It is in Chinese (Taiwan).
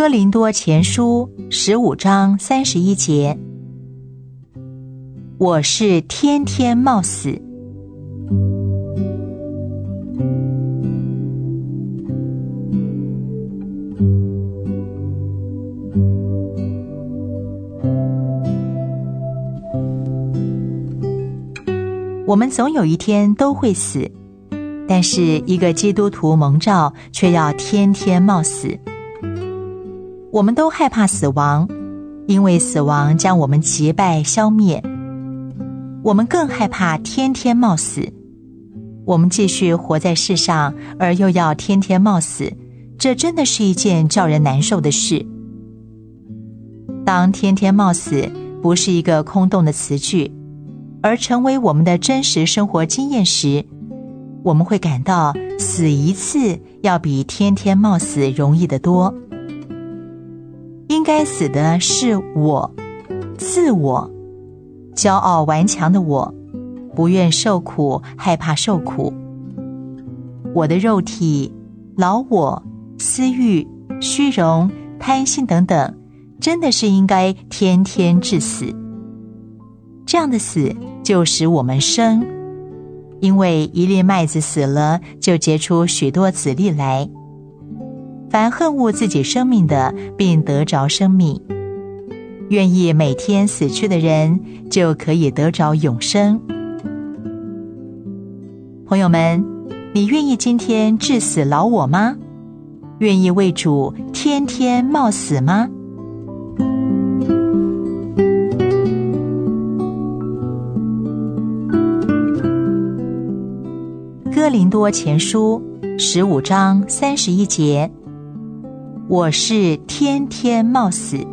《哥林多前書》十五章三十一節：“我是天天冒死。”我們總有一天都會死，但是一個基督徒蒙召，卻要天天冒死。我們都害怕死亡，因為死亡將我們擊敗、消滅。我們更害怕天天冒死。我們繼續活在世上，而又要天天冒死，這真的是一件叫人難受的事。當天天冒死不是一個空洞的詞句，而成為我們的真實生活經驗時，我們會感到死一次，要比天天冒死容易得多。該死的是我，自我，驕傲頑強的我，不願受苦，害怕受苦。我的肉體、老我、私慾、虛榮、貪心等等，真的是應該天天治死。這樣的死就使我們生，因為一粒麥子死了，就結出許多子粒來。凡恨惡自己生命的，並得着生命；願意每天死去的人，就可以得着永生。朋友們，你願意今天治死老我嗎？願意為主天天冒死嗎？哥林多前書十五章三十一節。我是天天冒死。